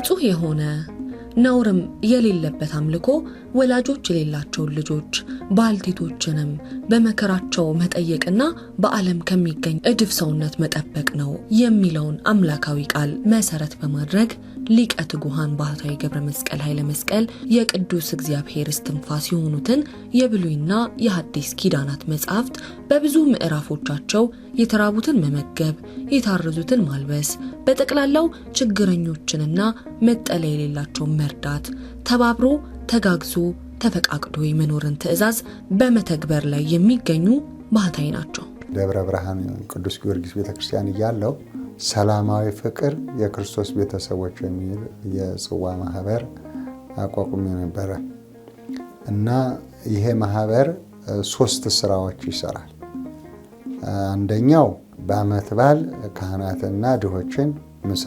ንጹህ የሆነ ነውርም የሌለበት አምልኮ ወላጆች የሌላቸውን ልጆች ባልቴቶችንም በመከራቸው መጠየቅና በዓለም ከሚገኝ እድፍ ሰውነት መጠበቅ ነው የሚለውን አምላካዊ ቃል መሰረት በማድረግ ሊቀ ትጉሃን ባህታዊ ገብረ መስቀል ኃይለ መስቀል የቅዱስ እግዚአብሔር እስትንፋስ የሆኑትን የብሉይና የሐዲስ ኪዳናት መጻሕፍት በብዙ ምዕራፎቻቸው የተራቡትን መመገብ፣ የታረዙትን ማልበስ፣ በጠቅላላው ችግረኞችንና መጠለያ የሌላቸውን መርዳት፣ ተባብሮ ተጋግዞ ተፈቃቅዶ የመኖርን ትእዛዝ በመተግበር ላይ የሚገኙ ባህታዊ ናቸው። ደብረ ብርሃን ቅዱስ ጊዮርጊስ ቤተክርስቲያን እያለው ሰላማዊ ፍቅር የክርስቶስ ቤተሰቦች የሚል የጽዋ ማህበር አቋቁሜ ነበረ እና ይሄ ማህበር ሶስት ስራዎች ይሰራል። አንደኛው በዓመት በዓል ካህናትና ድሆችን ምሳ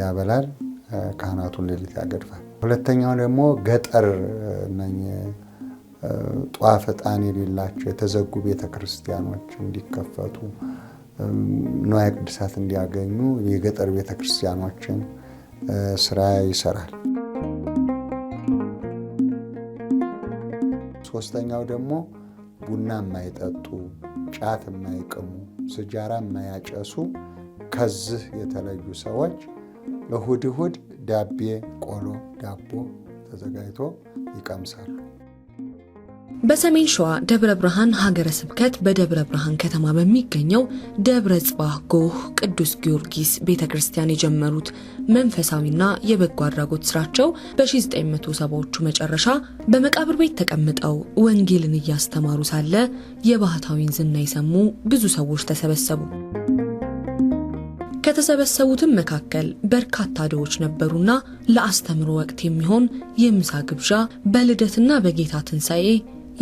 ያበላል። ካህናቱን ሌሊት ያገድፋል። ሁለተኛው ደግሞ ገጠር ጧፍ ዕጣን የሌላቸው የተዘጉ ቤተክርስቲያኖች እንዲከፈቱ ንዋየ ቅድሳት እንዲያገኙ የገጠር ቤተ ክርስቲያኖችን ስራ ይሰራል። ሶስተኛው ደግሞ ቡና የማይጠጡ ጫት የማይቅሙ ስጃራ የማያጨሱ ከዚህ የተለዩ ሰዎች እሁድ እሁድ ዳቤ ቆሎ ዳቦ ተዘጋጅቶ ይቀምሳሉ። በሰሜን ሸዋ ደብረ ብርሃን ሀገረ ስብከት በደብረ ብርሃን ከተማ በሚገኘው ደብረ ጽባህ ጎህ ቅዱስ ጊዮርጊስ ቤተ ክርስቲያን የጀመሩት መንፈሳዊና የበጎ አድራጎት ስራቸው በ1970ዎቹ መጨረሻ በመቃብር ቤት ተቀምጠው ወንጌልን እያስተማሩ ሳለ የባህታዊን ዝና የሰሙ ብዙ ሰዎች ተሰበሰቡ። ከተሰበሰቡትም መካከል በርካታ ድሆች ነበሩና ለአስተምሮ ወቅት የሚሆን የምሳ ግብዣ በልደትና በጌታ ትንሣኤ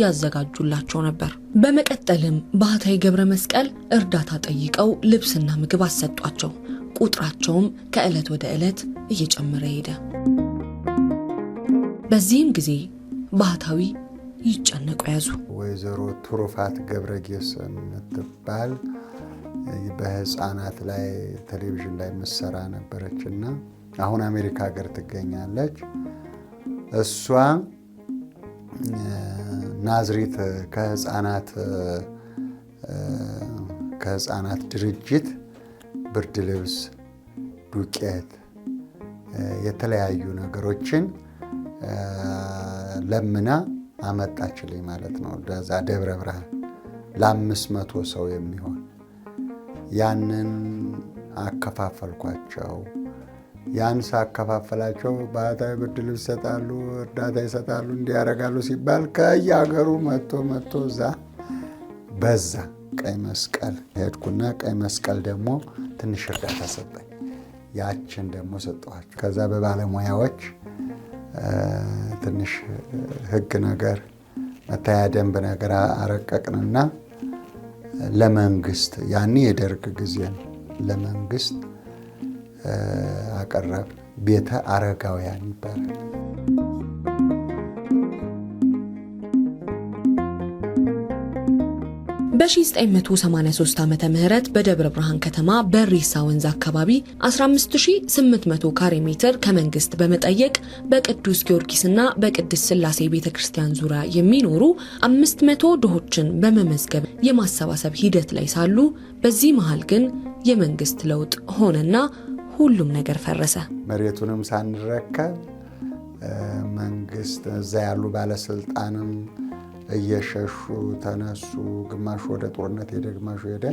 ያዘጋጁላቸው ነበር። በመቀጠልም ባህታዊ ገብረ መስቀል እርዳታ ጠይቀው ልብስና ምግብ አሰጧቸው። ቁጥራቸውም ከዕለት ወደ ዕለት እየጨመረ ሄደ። በዚህም ጊዜ ባህታዊ ይጨነቁ ያዙ። ወይዘሮ ቱሩፋት ገብረ ጌሰን የምትባል በህፃናት ላይ ቴሌቪዥን ላይ የምትሰራ ነበረች እና አሁን አሜሪካ ሀገር ትገኛለች። እሷ ናዝሬት ከህፃናት ከህፃናት ድርጅት ብርድ ልብስ፣ ዱቄት፣ የተለያዩ ነገሮችን ለምና አመጣችልኝ ማለት ነው። ዛ ደብረ ብርሃን ለአምስት መቶ ሰው የሚሆን ያንን አከፋፈልኳቸው። ያን ሳከፋፈላቸው ባህታዊ ብርድ ልብስ ይሰጣሉ፣ እርዳታ ይሰጣሉ፣ እንዲያደርጋሉ ሲባል ከየሀገሩ መጥቶ መጥቶ እዛ በዛ ቀይ መስቀል ሄድኩና ቀይ መስቀል ደግሞ ትንሽ እርዳታ ሰጠኝ። ያችን ደግሞ ሰጠኋቸው። ከዛ በባለሙያዎች ትንሽ ህግ ነገር መታያ ደንብ ነገር አረቀቅንና ለመንግስት ያኔ የደርግ ጊዜ ለመንግስት አቀረብ ቤተ አረጋውያን ይባላል። በ1983 ዓመተ ምህረት በደብረ ብርሃን ከተማ በሪሳ ወንዝ አካባቢ 15800 ካሬ ሜትር ከመንግስት በመጠየቅ በቅዱስ ጊዮርጊስና በቅድስት ስላሴ ቤተ ክርስቲያን ዙሪያ የሚኖሩ 500 ድሆችን በመመዝገብ የማሰባሰብ ሂደት ላይ ሳሉ በዚህ መሃል ግን የመንግስት ለውጥ ሆነና ሁሉም ነገር ፈረሰ። መሬቱንም ሳንረከብ መንግስት፣ እዛ ያሉ ባለስልጣንም እየሸሹ ተነሱ። ግማሹ ወደ ጦርነት ሄደ፣ ግማሹ ሄደ።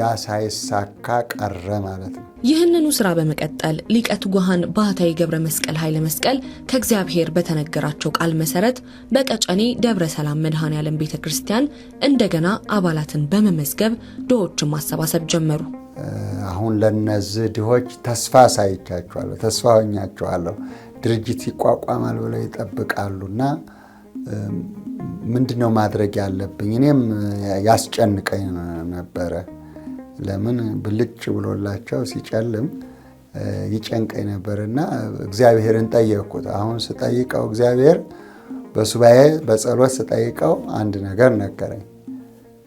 ያ ሳይሳካ ቀረ ማለት ነው። ይህንኑ ስራ በመቀጠል ሊቀ ትጉሃን ባህታዊ ገብረ መስቀል ኃይለ መስቀል ከእግዚአብሔር በተነገራቸው ቃል መሰረት በቀጨኔ ደብረ ሰላም መድኃኔ ዓለም ቤተ ክርስቲያን እንደገና አባላትን በመመዝገብ ዶዎችን ማሰባሰብ ጀመሩ። አሁን ለነዚህ ድሆች ተስፋ አሳይቻችኋለሁ፣ ተስፋ ሆኛችኋለሁ። ድርጅት ይቋቋማል ብለው ይጠብቃሉ እና ምንድን ነው ማድረግ ያለብኝ? እኔም ያስጨንቀኝ ነበረ። ለምን ብልጭ ብሎላቸው ሲጨልም ይጨንቀኝ ነበር እና እግዚአብሔርን ጠየቅኩት። አሁን ስጠይቀው እግዚአብሔር በሱባኤ በጸሎት ስጠይቀው አንድ ነገር ነገረኝ።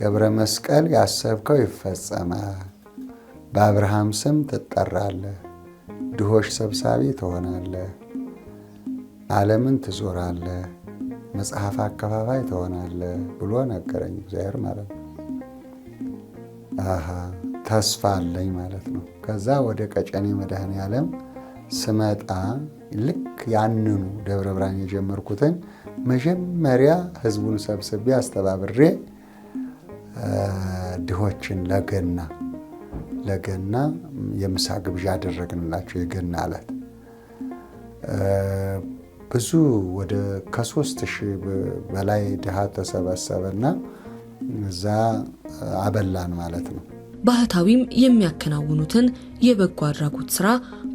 ገብረ መስቀል ያሰብከው ይፈጸማል በአብርሃም ስም ትጠራለህ፣ ድሆች ሰብሳቢ ትሆናለህ፣ ዓለምን ትዞራለህ፣ መጽሐፍ አከፋፋይ ትሆናለህ ብሎ ነገረኝ እግዚአብሔር ማለት ነው። ተስፋ አለኝ ማለት ነው። ከዛ ወደ ቀጨኔ መድኃኔ ዓለም ስመጣ ልክ ያንኑ ደብረ ብርሃን የጀመርኩትን መጀመሪያ ህዝቡን ሰብስቤ አስተባብሬ ድሆችን ለገና ለገና የምሳ ግብዣ ያደረግንላቸው የገና ዕለት ብዙ ወደ ከሶስት ሺህ በላይ ድሃ ተሰበሰበና እዛ አበላን ማለት ነው። ባህታዊም የሚያከናውኑትን የበጎ አድራጎት ስራ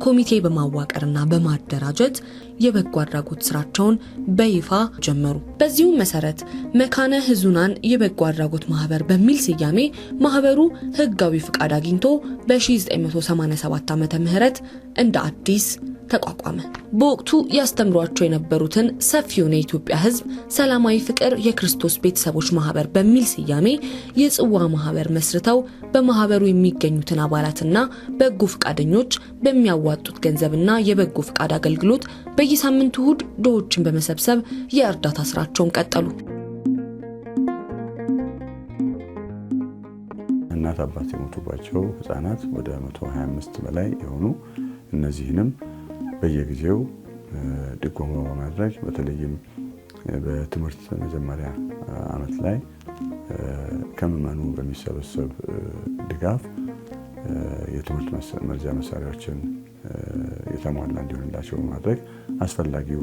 ኮሚቴ በማዋቀርና በማደራጀት የበጎ አድራጎት ስራቸውን በይፋ ጀመሩ። በዚሁ መሰረት መካነ ህዙናን የበጎ አድራጎት ማህበር በሚል ስያሜ ማህበሩ ህጋዊ ፍቃድ አግኝቶ በ1987 ዓ ም እንደ አዲስ ተቋቋመ። በወቅቱ ያስተምሯቸው የነበሩትን ሰፊውን የኢትዮጵያ ሕዝብ ሰላማዊ ፍቅር የክርስቶስ ቤተሰቦች ማህበር በሚል ስያሜ የጽዋ ማህበር መስርተው በማህበሩ የሚገኙትን አባላትና በጎ ፈቃደኞች በሚያዋጡት ገንዘብና የበጎ ፈቃድ አገልግሎት በየሳምንቱ እሁድ ድሆችን በመሰብሰብ የእርዳታ ስራቸውን ቀጠሉ። እናት አባት የሞቱባቸው ህጻናት ወደ 125 በላይ የሆኑ እነዚህንም በየጊዜው ድጎማ በማድረግ በተለይም በትምህርት መጀመሪያ ዓመት ላይ ከምዕመኑ በሚሰበሰብ ድጋፍ የትምህርት መርጃ መሳሪያዎችን የተሟላ እንዲሆንላቸው በማድረግ አስፈላጊው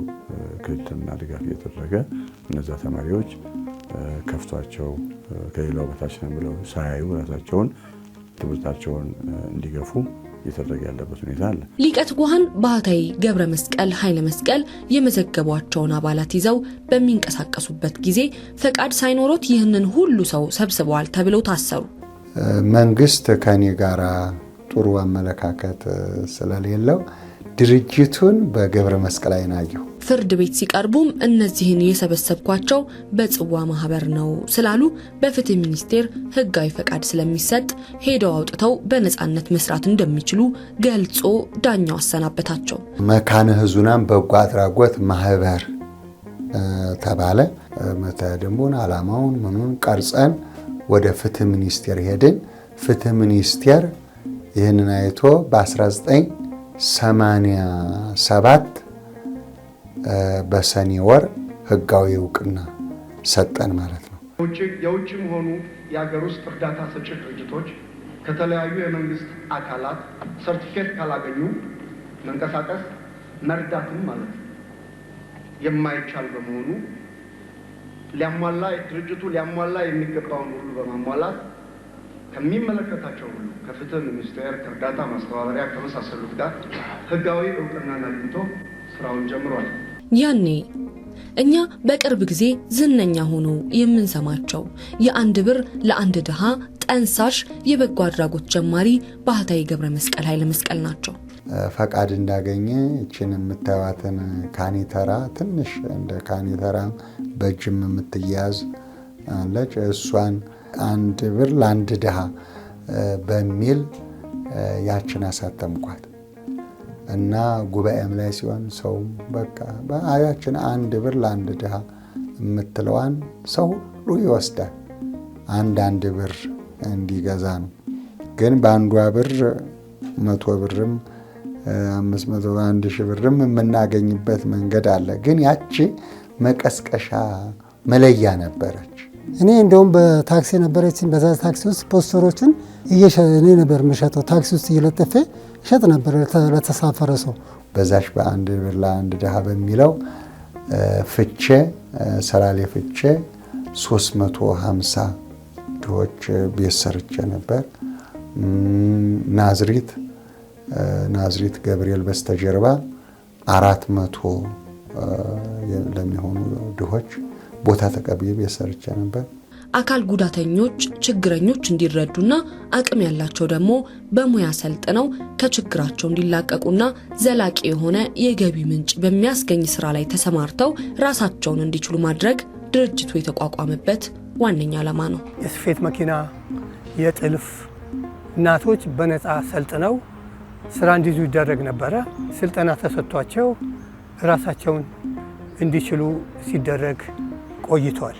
ክትትልና ድጋፍ እየተደረገ እነዛ ተማሪዎች ከፍቷቸው ከሌላው በታች ነው ብለው ሳያዩ ራሳቸውን ትምህርታቸውን እንዲገፉ እየተደረገ ያለበት ሁኔታ አለ። ሊቀት ትጉሃን ባህታዊ ገብረ መስቀል ኃይለ መስቀል የመዘገቧቸውን አባላት ይዘው በሚንቀሳቀሱበት ጊዜ ፈቃድ ሳይኖሮት ይህንን ሁሉ ሰው ሰብስበዋል ተብለው ታሰሩ። መንግስት ከኔ ጋር ጥሩ አመለካከት ስለሌለው ድርጅቱን በገብረ መስቀል አይናየሁ ፍርድ ቤት ሲቀርቡም እነዚህን የሰበሰብኳቸው በጽዋ ማህበር ነው ስላሉ በፍትህ ሚኒስቴር ህጋዊ ፈቃድ ስለሚሰጥ ሄደው አውጥተው በነፃነት መስራት እንደሚችሉ ገልጾ ዳኛው አሰናበታቸው። መካነ ህዙናም በጎ አድራጎት ማህበር ተባለ። መተደንቡን አላማውን ምኑን ቀርጸን ወደ ፍትህ ሚኒስቴር ሄድን። ፍትህ ሚኒስቴር ይህንን አይቶ በ1987 በሰኔ ወር ህጋዊ እውቅና ሰጠን ማለት ነው። የውጭም ሆኑ የሀገር ውስጥ እርዳታ ሰጭ ድርጅቶች ከተለያዩ የመንግስት አካላት ሰርቲፊኬት ካላገኙ መንቀሳቀስ መርዳትም ማለት ነው የማይቻል በመሆኑ ሊያሟላ ድርጅቱ ሊያሟላ የሚገባውን ሁሉ በማሟላት ከሚመለከታቸው ሁሉ ከፍትህ ሚኒስቴር፣ ከእርዳታ ማስተባበሪያ ከመሳሰሉት ጋር ህጋዊ እውቅናን አግኝቶ ስራውን ጀምሯል። ያኔ እኛ በቅርብ ጊዜ ዝነኛ ሆኖ የምንሰማቸው የአንድ ብር ለአንድ ድሃ ጠንሳሽ የበጎ አድራጎት ጀማሪ ባህታዊ ገብረ መስቀል ኃይለ መስቀል ናቸው። ፈቃድ እንዳገኘ እችን የምታዩትን ካኔተራ ትንሽ እንደ ካኔተራ በእጅም የምትያዝ አለች። እሷን አንድ ብር ለአንድ ድሃ በሚል ያችን አሳተምኳት። እና ጉባኤም ላይ ሲሆን ሰውም በቃ በአያችን አንድ ብር ለአንድ ድሃ የምትለዋን ሰው ሁሉ ይወስዳል። አንድ አንድ ብር እንዲገዛ ነው። ግን በአንዷ ብር መቶ ብርም አምስት መቶ አንድ ሺህ ብርም የምናገኝበት መንገድ አለ። ግን ያቺ መቀስቀሻ መለያ ነበረች። እኔ እንደውም በታክሲ ነበረችን። በዛ ታክሲ ውስጥ ፖስተሮችን እኔ ነበር የምሸጠው ታክሲ ውስጥ እየለጠፌ ይሸጥ ነበር ለተሳፈረ ሰው። በዛሽ በአንድ ብር ለአንድ ድሃ በሚለው ፍቼ ሰላሌ ፍቼ 350 ድሆች ቤት ሰርቼ ነበር። ናዝሪት ናዝሪት ገብርኤል በስተጀርባ አራት መቶ ለሚሆኑ ድሆች ቦታ ተቀብዬ ቤት ሰርቼ ነበር። አካል ጉዳተኞች ችግረኞች እንዲረዱና አቅም ያላቸው ደግሞ በሙያ ሰልጥነው ከችግራቸው እንዲላቀቁና ዘላቂ የሆነ የገቢ ምንጭ በሚያስገኝ ስራ ላይ ተሰማርተው ራሳቸውን እንዲችሉ ማድረግ ድርጅቱ የተቋቋመበት ዋነኛ ዓላማ ነው። የስፌት መኪና፣ የጥልፍ እናቶች በነፃ ሰልጥነው ስራ እንዲይዙ ይደረግ ነበረ። ስልጠና ተሰጥቷቸው ራሳቸውን እንዲችሉ ሲደረግ ቆይቷል።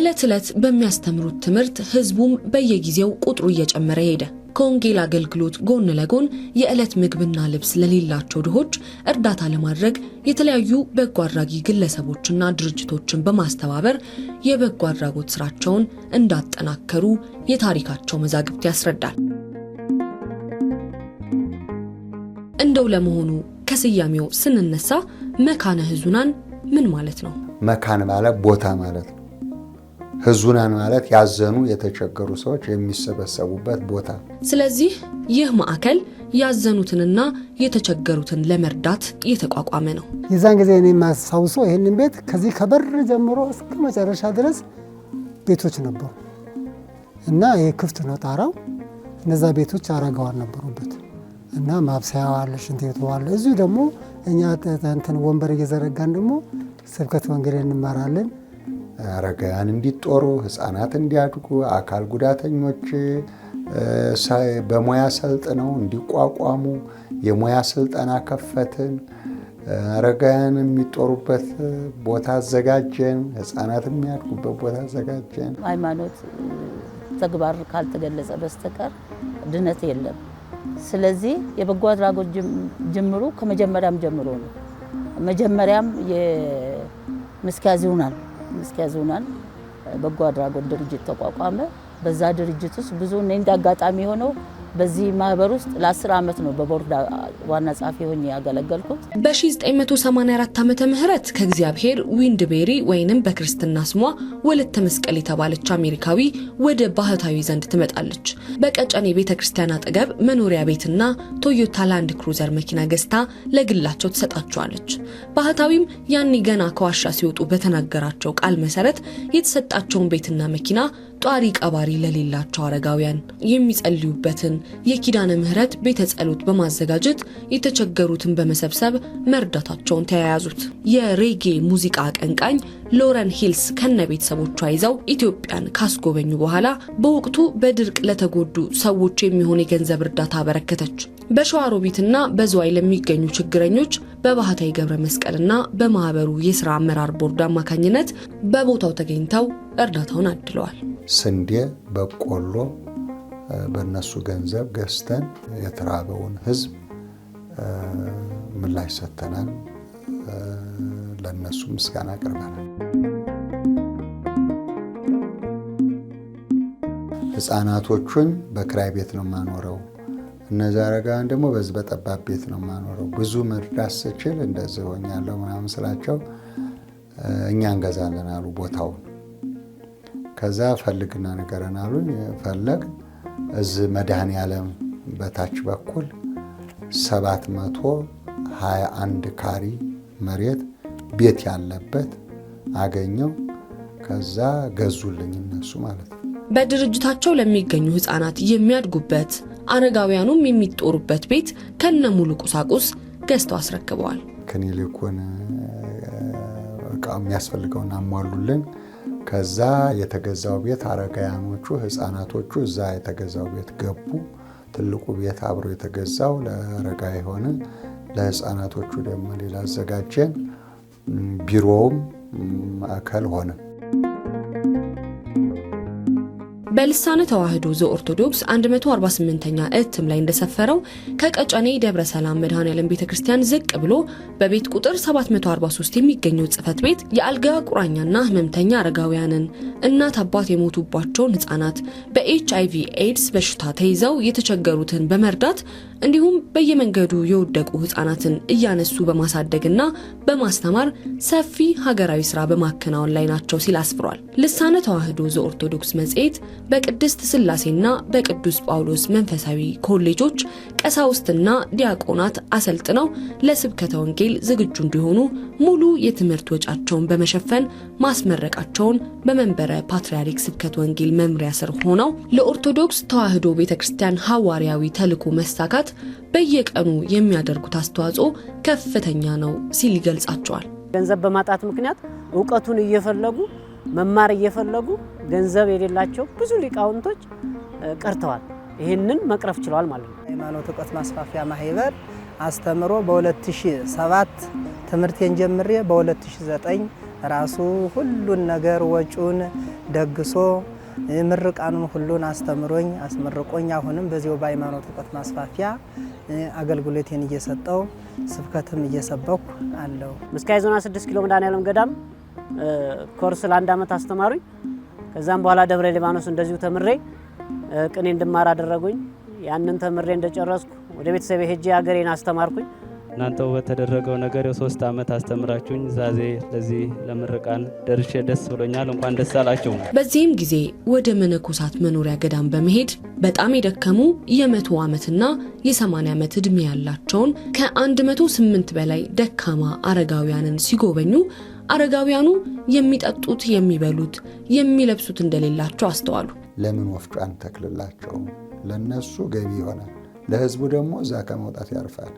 ዕለት ዕለት በሚያስተምሩት ትምህርት ህዝቡም በየጊዜው ቁጥሩ እየጨመረ ሄደ። ከወንጌል አገልግሎት ጎን ለጎን የዕለት ምግብና ልብስ ለሌላቸው ድሆች እርዳታ ለማድረግ የተለያዩ በጎ አድራጊ ግለሰቦችና ድርጅቶችን በማስተባበር የበጎ አድራጎት ስራቸውን እንዳጠናከሩ የታሪካቸው መዛግብት ያስረዳል። እንደው ለመሆኑ ከስያሜው ስንነሳ መካነ ህዙናን ምን ማለት ነው? መካን ማለት ቦታ ማለት ነው። ህዙናን ማለት ያዘኑ የተቸገሩ ሰዎች የሚሰበሰቡበት ቦታ። ስለዚህ ይህ ማዕከል ያዘኑትንና የተቸገሩትን ለመርዳት እየተቋቋመ ነው። የዛን ጊዜ እኔ ማስታውሶ ይህንን ቤት ከዚህ ከበር ጀምሮ እስከ መጨረሻ ድረስ ቤቶች ነበሩ እና ይህ ክፍት ነው ጣራው። እነዛ ቤቶች አረጋዋል ነበሩበት እና ማብሰያ ዋለ፣ ሽንት ቤት ዋለ። እዚሁ ደግሞ እኛ እንትን ወንበር እየዘረጋን ደግሞ ስብከት ወንጌል እንመራለን አረጋውያን እንዲጦሩ፣ ህፃናት እንዲያድጉ፣ አካል ጉዳተኞች በሙያ ሰልጥነው እንዲቋቋሙ የሙያ ስልጠና ከፈትን። አረጋውያን የሚጦሩበት ቦታ አዘጋጀን። ህፃናት የሚያድጉበት ቦታ አዘጋጀን። ሃይማኖት ተግባር ካልተገለጸ በስተቀር ድነት የለም። ስለዚህ የበጎ አድራጎት ጅምሩ ከመጀመሪያም ጀምሮ ነው። መጀመሪያም የምስኪያ ይሆናል። ምስኪያ ዞናል በጎ አድራጎት ድርጅት ተቋቋመ። በዛ ድርጅት ውስጥ ብዙ እኔ አጋጣሚ የሆነው በዚህ ማህበር ውስጥ ለ10 ዓመት ነው በቦርድ ዋና ጸሐፊ ሆኜ ያገለገልኩት። በ1984 ዓመተ ምህረት ከእግዚአብሔር ዊንድቤሪ ወይንም በክርስትና ስሟ ወለተ መስቀል የተባለች አሜሪካዊ ወደ ባህታዊ ዘንድ ትመጣለች። በቀጨኔ ቤተ ክርስቲያን አጠገብ መኖሪያ ቤትና ቶዮታ ላንድ ክሩዘር መኪና ገዝታ ለግላቸው ትሰጣቸዋለች። ባህታዊም ያኔ ገና ከዋሻ ሲወጡ በተናገራቸው ቃል መሰረት የተሰጣቸውን ቤትና መኪና ጧሪ ቀባሪ ለሌላቸው አረጋውያን የሚጸልዩበትን የኪዳነ ምህረት ቤተ ጸሎት በማዘጋጀት የተቸገሩትን በመሰብሰብ መርዳታቸውን ተያያዙት። የሬጌ ሙዚቃ አቀንቃኝ ሎረን ሂልስ ከነ ቤተሰቦቿ ይዘው ኢትዮጵያን ካስጎበኙ በኋላ በወቅቱ በድርቅ ለተጎዱ ሰዎች የሚሆን የገንዘብ እርዳታ አበረከተች። በሸዋሮቢትና በዝዋይ ለሚገኙ ችግረኞች በባህታዊ ገብረ መስቀልና በማህበሩ የስራ አመራር ቦርድ አማካኝነት በቦታው ተገኝተው እርዳታውን አድለዋል። ስንዴ፣ በቆሎ በእነሱ ገንዘብ ገዝተን የተራበውን ህዝብ ምላሽ ሰጥተናል። ለእነሱ ምስጋና አቅርበናል። ህፃናቶቹን በክራይ ቤት ነው የማኖረው። እነዚ አረጋውያን ደግሞ በዚህ በጠባብ ቤት ነው የማኖረው። ብዙ መርዳት ስችል እንደዚህ ሆኛለሁ ምናምን ስላቸው እኛ እንገዛለን አሉ ቦታውን ከዛ ፈልግና ንገረን አሉኝ። ፈለግ እዚ እዚህ መድኃኔዓለም በታች በኩል 721 ካሪ መሬት ቤት ያለበት አገኘው። ከዛ ገዙልኝ እነሱ ማለት ነው። በድርጅታቸው ለሚገኙ ህፃናት የሚያድጉበት አረጋውያኑም የሚጦሩበት ቤት ከነ ሙሉ ቁሳቁስ ገዝተው አስረክበዋል። ክኒሊኩን እቃ የሚያስፈልገውን አሟሉልን። ከዛ የተገዛው ቤት አረጋያኖቹ ህፃናቶቹ እዛ የተገዛው ቤት ገቡ። ትልቁ ቤት አብሮ የተገዛው ለአረጋ የሆነ ለህፃናቶቹ ደግሞ ሌላ አዘጋጀን። ቢሮውም ማዕከል ሆነ። በልሳነ ተዋህዶ ዘኦርቶዶክስ 148ኛ እትም ላይ እንደሰፈረው ከቀጨኔ ደብረ ሰላም መድኃኔዓለም ቤተ ክርስቲያን ዝቅ ብሎ በቤት ቁጥር 743 የሚገኘው ጽፈት ቤት የአልጋ ቁራኛና ህመምተኛ አረጋውያንን፣ እናት አባት የሞቱባቸውን ህጻናት፣ በኤች አይቪ ኤድስ በሽታ ተይዘው የተቸገሩትን በመርዳት እንዲሁም በየመንገዱ የወደቁ ህጻናትን እያነሱ በማሳደግና በማስተማር ሰፊ ሀገራዊ ስራ በማከናወን ላይ ናቸው ሲል አስፍሯል። ልሳነ ተዋሕዶ ዘኦርቶዶክስ መጽሔት በቅድስት ስላሴና በቅዱስ ጳውሎስ መንፈሳዊ ኮሌጆች ቀሳውስትና ዲያቆናት አሰልጥነው ለስብከተ ወንጌል ዝግጁ እንዲሆኑ ሙሉ የትምህርት ወጫቸውን በመሸፈን ማስመረቃቸውን በመንበረ ፓትርያርክ ስብከት ወንጌል መምሪያ ስር ሆነው ለኦርቶዶክስ ተዋሕዶ ቤተ ክርስቲያን ሐዋርያዊ ተልዕኮ መሳካት በየቀኑ የሚያደርጉት አስተዋጽኦ ከፍተኛ ነው ሲል ይገልጻቸዋል። ገንዘብ በማጣት ምክንያት እውቀቱን እየፈለጉ መማር እየፈለጉ ገንዘብ የሌላቸው ብዙ ሊቃውንቶች ቀርተዋል። ይህንን መቅረፍ ችለዋል ማለት ነው። ሃይማኖት እውቀት ማስፋፊያ ማህበር አስተምሮ በ2007 ትምህርቴን ጀምሬ በ2009 ራሱ ሁሉን ነገር ወጪውን ደግሶ ምርቃኑን ሁሉን አስተምሮኝ አስመርቆኝ አሁንም በዚሁ በሃይማኖት እውቀት ማስፋፊያ አገልግሎቴን እየሰጠው ስብከትም እየሰበኩ አለው። ምስካየ ዞን 6 ኪሎ መድኃኔዓለም ገዳም ኮርስ ለአንድ ዓመት አስተማሩኝ። ከዛም በኋላ ደብረ ሊባኖስ እንደዚሁ ተምሬ ቅኔ እንድማር አደረጉኝ። ያንን ተምሬ እንደጨረስኩ ወደ ቤተሰቤ ሄጄ ሀገሬን አስተማርኩኝ። ውበት በተደረገው ነገር የሶስት ዓመት አስተምራችሁኝ ዛዜ ለዚህ ለምርቃን ደርሼ ደስ ብሎኛል። እንኳን ደስ አላችሁ። በዚህም ጊዜ ወደ መነኮሳት መኖሪያ ገዳም በመሄድ በጣም የደከሙ የመቶ ዓመትና የሰማንያ ዓመት ዕድሜ ያላቸውን ከ108 በላይ ደካማ አረጋውያንን ሲጎበኙ አረጋውያኑ የሚጠጡት፣ የሚበሉት፣ የሚለብሱት እንደሌላቸው አስተዋሉ። ለምን ወፍጮ አንተክልላቸውም? ለነሱ ገቢ ይሆናል፣ ለህዝቡ ደግሞ እዛ ከመውጣት ያርፋል።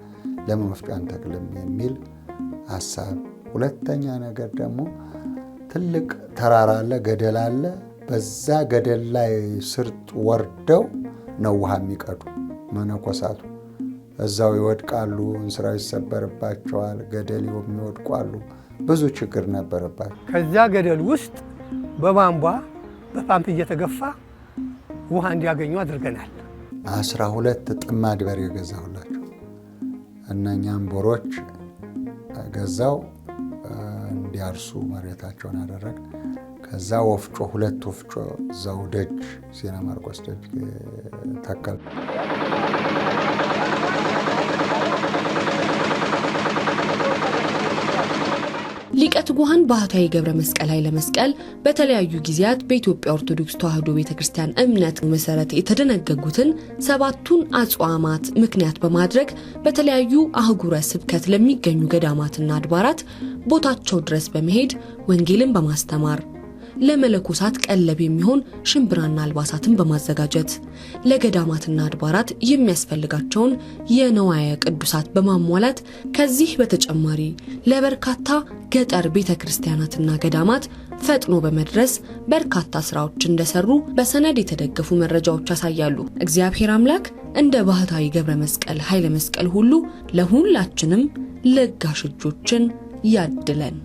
ለመፍቀን አንተክልም የሚል ሀሳብ። ሁለተኛ ነገር ደግሞ ትልቅ ተራራ አለ፣ ገደል አለ። በዛ ገደል ላይ ስርጥ ወርደው ነው ውሃ የሚቀዱ መነኮሳቱ። እዛው ይወድቃሉ፣ እንስራው ይሰበርባቸዋል፣ ገደል የሚወድቋሉ። ብዙ ችግር ነበረባቸው። ከዛ ገደል ውስጥ በቧንቧ በፓምፕ እየተገፋ ውሃ እንዲያገኙ አድርገናል። አስራ ሁለት ጥማድ በሬ የገዛሁላቸው እነኛም ቦሮች ገዛው እንዲያርሱ መሬታቸውን አደረግ። ከዛ ወፍጮ ሁለት ወፍጮ እዛው ደጅ ሲና ማርቆስ ደጅ ተከል ሊቀ ትጉሃን ባህታዊ ገብረ መስቀል ኃይለ መስቀል በተለያዩ ጊዜያት በኢትዮጵያ ኦርቶዶክስ ተዋሕዶ ቤተ ክርስቲያን እምነት መሰረት የተደነገጉትን ሰባቱን አጽዋማት ምክንያት በማድረግ በተለያዩ አህጉረ ስብከት ለሚገኙ ገዳማትና አድባራት ቦታቸው ድረስ በመሄድ ወንጌልን በማስተማር ለመለኮሳት ቀለብ የሚሆን ሽምብራና አልባሳትን በማዘጋጀት ለገዳማትና አድባራት የሚያስፈልጋቸውን የነዋያ ቅዱሳት በማሟላት ከዚህ በተጨማሪ ለበርካታ ገጠር ቤተ ክርስቲያናትና ገዳማት ፈጥኖ በመድረስ በርካታ ስራዎች እንደሰሩ በሰነድ የተደገፉ መረጃዎች ያሳያሉ። እግዚአብሔር አምላክ እንደ ባህታዊ ገብረ መስቀል ኃይለ መስቀል ሁሉ ለሁላችንም ለጋሽ እጆችን ያድለን።